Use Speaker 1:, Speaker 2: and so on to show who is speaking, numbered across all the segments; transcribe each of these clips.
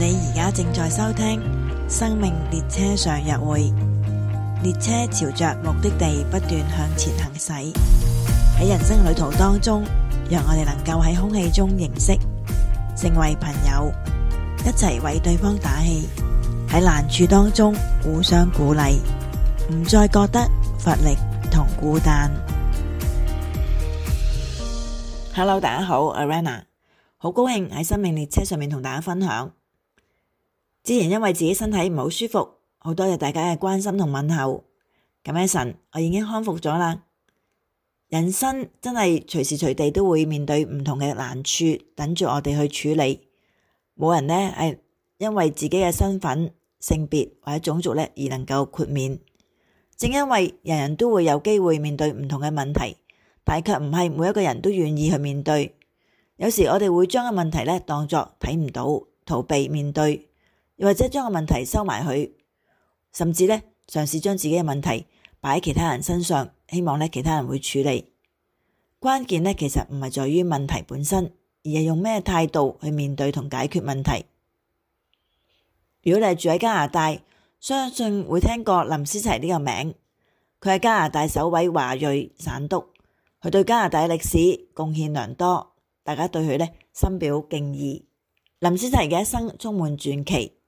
Speaker 1: 你而家正在收聽生命列車上入會，列車朝着目的地不斷向前行駛。喺人生旅途當中，讓我哋能夠喺空氣中認識，成為朋友，一齊為對方打氣。喺難處當中互相鼓勵，唔再覺得乏力同孤單。Hello，大家好，Rana，好高興喺生命列車上面同大家分享。之前因為自己身體唔好舒服，好多謝大家嘅關心同問候。咁感謝神，我已經康復咗啦。人生真係隨時隨地都會面對唔同嘅難處，等住我哋去處理。冇人呢，係因為自己嘅身份、性別或者種族咧而能夠豁免。正因為人人都會有機會面對唔同嘅問題，但係卻唔係每一個人都願意去面對。有時我哋會將個問題咧當作睇唔到，逃避面對。又或者將個問題收埋去，甚至呢，嘗試將自己嘅問題擺喺其他人身上，希望呢，其他人會處理。關鍵呢，其實唔係在於問題本身，而係用咩態度去面對同解決問題。如果你係住喺加拿大，相信會聽過林思齊呢個名。佢係加拿大首位華裔省督，佢對加拿大歷史貢獻良多，大家對佢呢，深表敬意。林思齊嘅一生充滿傳奇。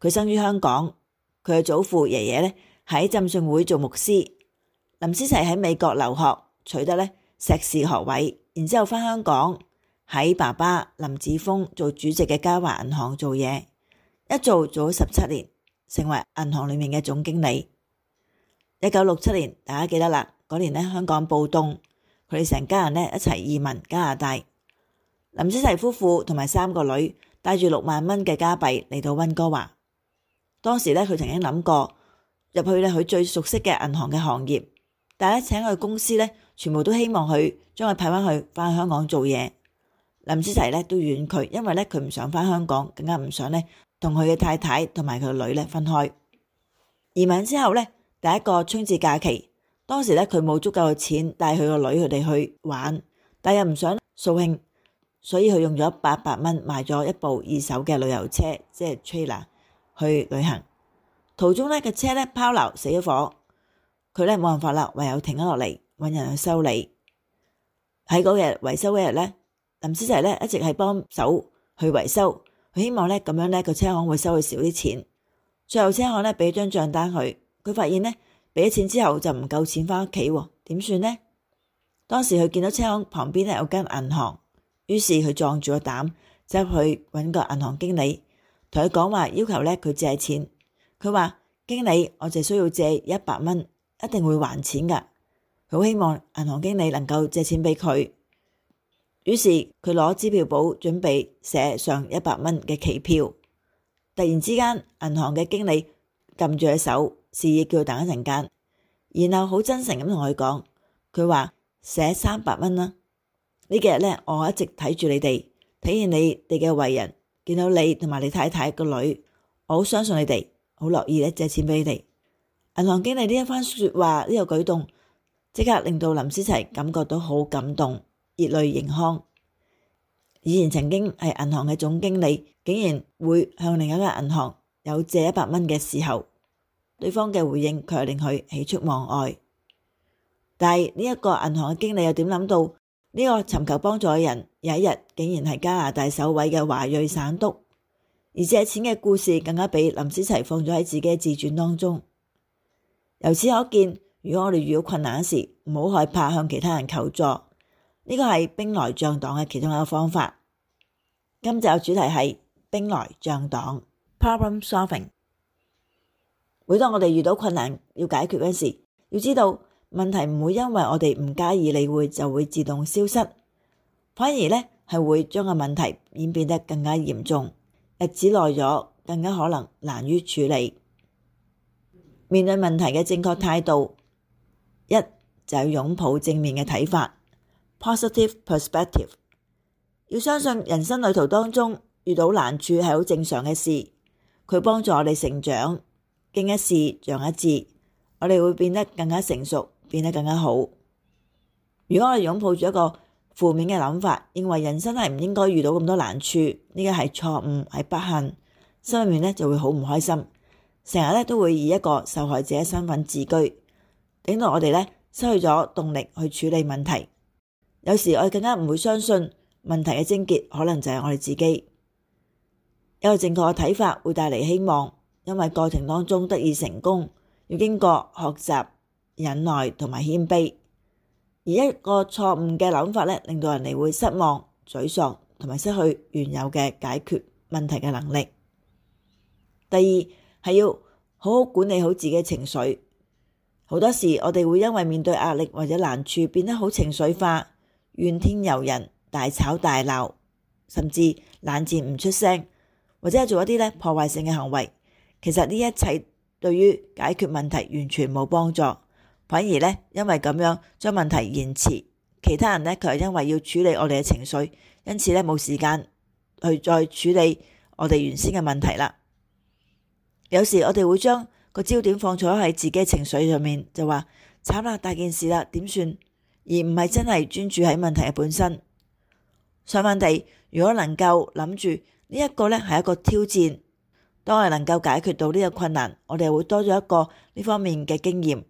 Speaker 1: 佢生於香港，佢嘅祖父、爺爺咧喺浸信會做牧師。林思齊喺美國留學，取得咧碩士學位，然之後返香港喺爸爸林子峰做主席嘅嘉華銀行做嘢，一做做咗十七年，成為銀行裡面嘅總經理。一九六七年，大家記得啦，嗰年咧香港暴動，佢哋成家人咧一齊移民加拿大。林思齊夫婦同埋三個女帶住六萬蚊嘅加幣嚟到溫哥華。當時咧，佢曾經諗過入去咧，佢最熟悉嘅銀行嘅行業，但係咧，請佢公司咧，全部都希望佢將佢派翻去翻香港做嘢。林思齊咧都婉拒佢，因為咧佢唔想翻香港，更加唔想咧同佢嘅太太同埋佢嘅女咧分開。移民之後咧，第一個春節假期，當時咧佢冇足夠嘅錢帶佢個女佢哋去玩，但又唔想掃興，所以佢用咗八百蚊買咗一部二手嘅旅遊車，即係 trailer。去旅行，途中呢，個車咧拋錨死咗火，佢咧冇辦法啦，唯有停咗落嚟揾人去修理。喺嗰日維修嗰日咧，林思齊咧一直係幫手去維修，佢希望咧咁樣咧個車行會收佢少啲錢。最後車行咧俾張賬單佢，佢發現咧俾咗錢之後就唔夠錢翻屋企喎，點算咧？當時佢見到車行旁邊咧有間銀行，於是佢壯住個膽入去揾個銀行經理。同佢講話，要求咧佢借錢，佢話：經理，我淨係需要借一百蚊，一定會還錢噶。好希望銀行經理能夠借錢俾佢。於是佢攞支票簿準備寫上一百蚊嘅期票。突然之間，銀行嘅經理撳住隻手，示意叫佢等一陣間，然後好真誠咁同佢講，佢話寫三百蚊啦。幾呢幾日咧，我一直睇住你哋，睇見你哋嘅為人。見到你同埋你太太個女，我好相信你哋，好樂意咧借錢俾你哋。銀行經理呢一番說話，呢個舉動，即刻令到林思齊感覺到好感動，熱淚盈眶。以前曾經係銀行嘅總經理，竟然會向另一間銀行有借一百蚊嘅時候，對方嘅回應卻令佢喜出望外。但係呢一個銀行嘅經理又點諗到呢個尋求幫助嘅人，有一日，竟然係加拿大首位嘅華裔省督，而借錢嘅故事更加俾林思齊放咗喺自己嘅自傳當中。由此可見，如果我哋遇到困難時，唔好害怕向其他人求助，呢個係兵來將擋嘅其中一個方法。今集嘅主題係兵來將擋 （problem solving）。每當我哋遇到困難要解決嘅時，要知道問題唔會因為我哋唔加以理會就會自動消失。反而咧，係會將個問題演變得更加嚴重，日子耐咗，更加可能難於處理。面對問題嘅正確態度，一就係擁抱正面嘅睇法 （positive perspective）。要相信人生旅途當中遇到難處係好正常嘅事，佢幫助我哋成長，經一事長一智，我哋會變得更加成熟，變得更加好。如果我哋擁抱住一個負面嘅諗法，認為人生係唔應該遇到咁多難處，呢個係錯誤，係不幸，心裏面咧就會好唔開心，成日咧都會以一個受害者身份自居，令到我哋咧失去咗動力去處理問題。有時我哋更加唔會相信問題嘅症結可能就係我哋自己。有一個正確嘅睇法會帶嚟希望，因為過程當中得以成功，要經過學習、忍耐同埋謙卑。而一個錯誤嘅諗法咧，令到人哋會失望、沮喪同埋失去原有嘅解決問題嘅能力。第二係要好好管理好自己情緒。好多時我哋會因為面對壓力或者難處，變得好情緒化、怨天尤人、大吵大鬧，甚至冷戰唔出聲，或者係做一啲咧破壞性嘅行為。其實呢一切對於解決問題完全冇幫助。反而咧，因為咁樣將問題延遲，其他人咧佢係因為要處理我哋嘅情緒，因此咧冇時間去再處理我哋原先嘅問題啦。有時我哋會將個焦點放錯喺自己情緒上面，就話慘啦，大件事啦，點算？而唔係真係專注喺問題嘅本身。想問題如果能夠諗住呢一個咧係一個挑戰，當我能夠解決到呢個困難，我哋會多咗一個呢方面嘅經驗。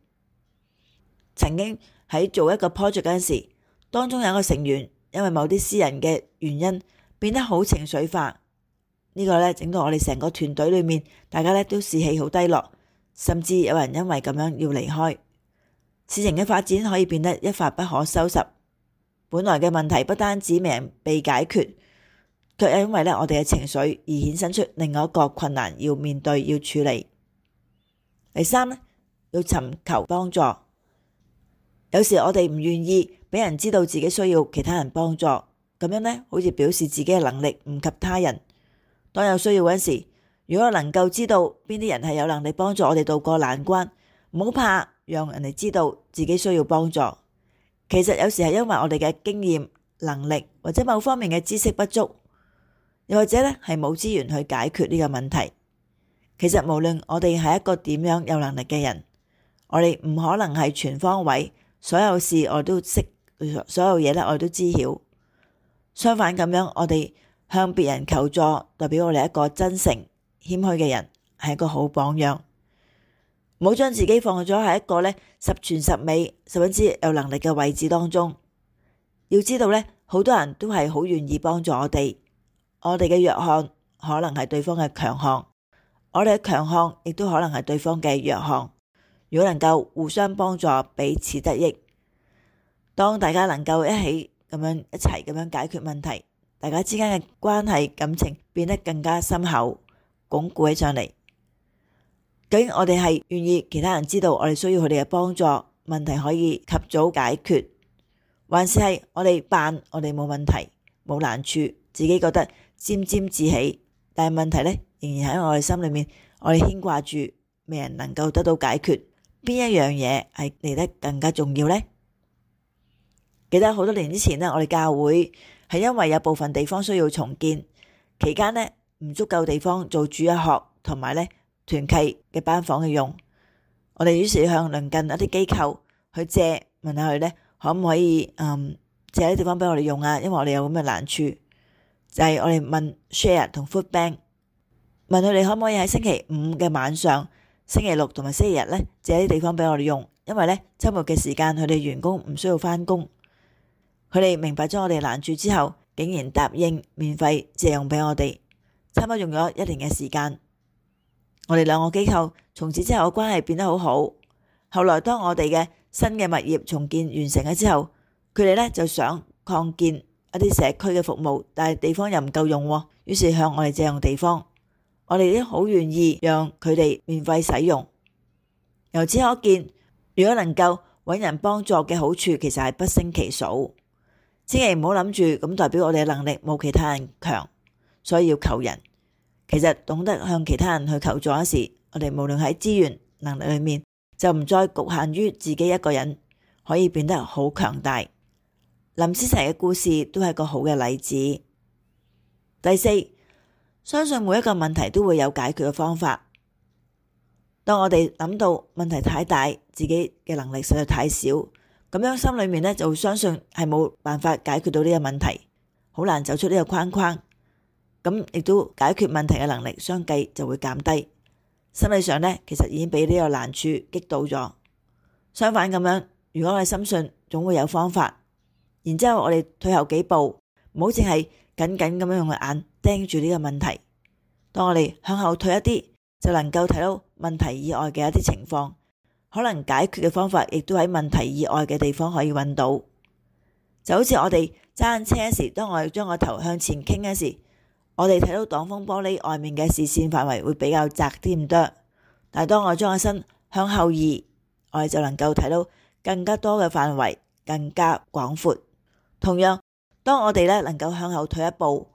Speaker 1: 曾經喺做一個 project 嗰陣時，當中有一個成員因為某啲私人嘅原因，變得好情緒化。呢個咧整到我哋成個團隊裡面，大家咧都士氣好低落，甚至有人因為咁樣要離開。事情嘅發展可以變得一發不可收拾。本來嘅問題不單止未被解決，卻係因為咧我哋嘅情緒而衍生出另外一個困難要面對要處理。第三咧，要尋求幫助。有時我哋唔願意俾人知道自己需要其他人幫助，咁樣呢好似表示自己嘅能力唔及他人。當有需要嗰陣時，如果能夠知道邊啲人係有能力幫助我哋渡過難關，唔好怕，讓人哋知道自己需要幫助。其實有時係因為我哋嘅經驗、能力或者某方面嘅知識不足，又或者呢係冇資源去解決呢個問題。其實無論我哋係一個點樣有能力嘅人，我哋唔可能係全方位。所有事我都識，所有嘢，咧我都知曉。相反咁樣，我哋向別人求助，代表我哋一個真誠謙虛嘅人，係一個好榜樣。唔好將自己放咗喺一個咧十全十美、十分之有能力嘅位置當中。要知道咧，好多人都係好願意幫助我哋。我哋嘅弱項可能係對方嘅強項，我哋嘅強項亦都可能係對方嘅弱項。如果能夠互相幫助，彼此得益，當大家能夠一起咁樣一齊咁樣解決問題，大家之間嘅關係感情變得更加深厚，鞏固起上嚟。究竟我哋係願意其他人知道我哋需要佢哋嘅幫助，問題可以及早解決，還是係我哋扮我哋冇問題冇難處，自己覺得沾沾自喜，但係問題咧仍然喺我哋心裏面，我哋牽掛住，未能能夠得到解決。邊一樣嘢係嚟得更加重要咧？記得好多年之前咧我哋教會係因為有部分地方需要重建，期間咧唔足夠地方做主日學同埋咧團契嘅班房去用，我哋於是向鄰近一啲機構去借，問下佢咧可唔可以嗯，借啲地方畀我哋用啊？因為我哋有咁嘅難處，就係、是、我哋問 share 同 food bank，問佢哋可唔可以喺星期五嘅晚上，星期六同埋星期日呢，借啲地方畀我哋用，因為呢周末嘅時間佢哋員工唔需要返工。佢哋明白咗我哋難處之後，竟然答應免費借用畀我哋，差唔多用咗一年嘅時間。我哋兩個機構從此之後嘅關係變得好好。後來當我哋嘅新嘅物業重建完成咗之後，佢哋呢就想擴建一啲社區嘅服務，但係地方又唔夠用喎，於是向我哋借用地方。我哋都好願意讓佢哋免費使用。由此可見，如果能夠揾人幫助嘅好處，其實係不勝其數。千祈唔好諗住咁代表我哋嘅能力冇其他人強，所以要求人。其實懂得向其他人去求助嘅時，我哋無論喺資源能力裏面，就唔再局限於自己一個人，可以變得好強大。林思齊嘅故事都係個好嘅例子。第四。相信每一個問題都會有解決嘅方法。當我哋諗到問題太大，自己嘅能力實在太少，咁樣心裏面咧，就會相信係冇辦法解決到呢個問題，好難走出呢個框框。咁亦都解決問題嘅能力相繼就會減低。心理上咧，其實已經俾呢個難處激到咗。相反咁樣，如果我哋深信總會有方法，然之後我哋退後幾步，唔好淨係僅僅咁樣用個眼。盯住呢個問題，當我哋向後退一啲，就能夠睇到問題以外嘅一啲情況，可能解決嘅方法亦都喺問題以外嘅地方可以揾到。就好似我哋揸緊車時，當我哋將個頭向前傾嘅時，我哋睇到擋風玻璃外面嘅視線範圍會比較窄啲咁多。但係當我將個身向後移，我哋就能夠睇到更加多嘅範圍，更加廣闊。同樣，當我哋呢能夠向後退一步。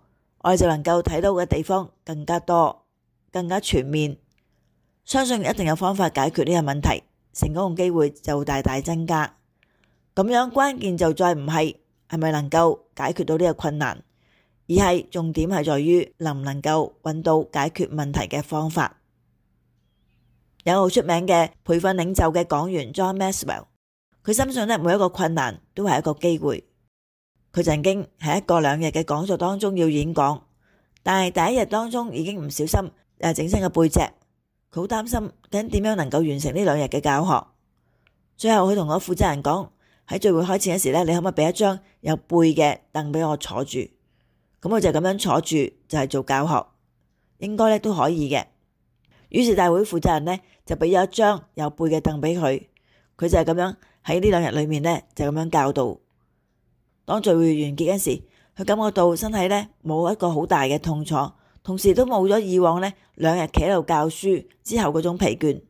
Speaker 1: 我哋就能夠睇到嘅地方更加多，更加全面，相信一定有方法解決呢個問題，成功嘅機會就會大大增加。咁樣，關鍵就再唔係係咪能夠解決到呢個困難，而係重點係在於能唔能夠揾到解決問題嘅方法。有好出名嘅培訓領袖嘅講員 John Maxwell，佢深信咧，每一個困難都係一個機會。佢曾經喺一個兩日嘅講座當中要演講，但係第一日當中已經唔小心誒、呃、整親個背脊，佢好擔心，究竟點樣能夠完成呢兩日嘅教學。最後佢同個負責人講，喺聚會開始嘅時咧，你可唔可以俾一張有背嘅凳俾我坐住？咁我就咁樣坐住就係、是、做教學，應該咧都可以嘅。於是大會負責人咧就俾咗一張有背嘅凳俾佢，佢就係咁樣喺呢兩日裏面咧就咁樣教導。當聚會完結嗰時，佢感覺到身體咧冇一個好大嘅痛楚，同時都冇咗以往咧兩日企喺度教書之後嗰種疲倦。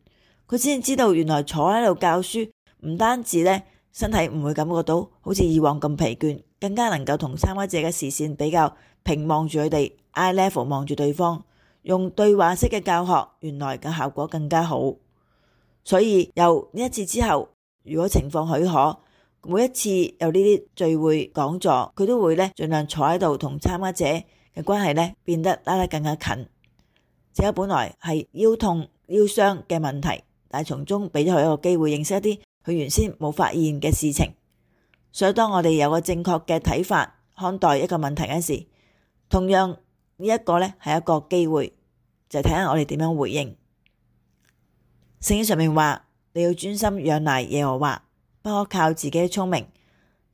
Speaker 1: 佢先知道原來坐喺度教書唔單止咧身體唔會感覺到好似以往咁疲倦，更加能夠同參加者嘅視線比較平望住佢哋 eye level 望住對方，用對話式嘅教學，原來嘅效果更加好。所以由呢一次之後，如果情況許可，每一次有呢啲聚會講座，佢都會咧盡量坐喺度，同參加者嘅關係咧變得拉得更加近。呢個本來係腰痛腰傷嘅問題，但係從中俾咗佢一個機會，認識一啲佢原先冇發現嘅事情。所以當我哋有個正確嘅睇法，看待一個問題嗰陣時，同樣呢一個咧係一個機會，就睇、是、下我哋點樣回應。聖經上面話：你要專心仰賴耶和華。不可靠自己聰明，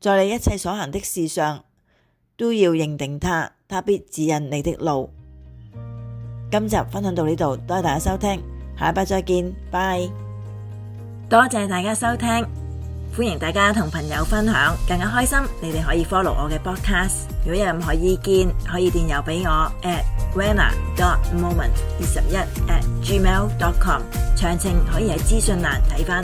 Speaker 1: 在你一切所行的事上都要認定他，他必指引你的路。今集分享到呢度，多謝大家收聽，下一集再見，拜。多謝大家收聽，歡迎大家同朋友分享，更加開心。你哋可以 follow 我嘅 podcast，如果有任何意見，可以電郵俾我 at wenna dot moment 二十一 at gmail dot com，詳情可以喺資訊欄睇翻。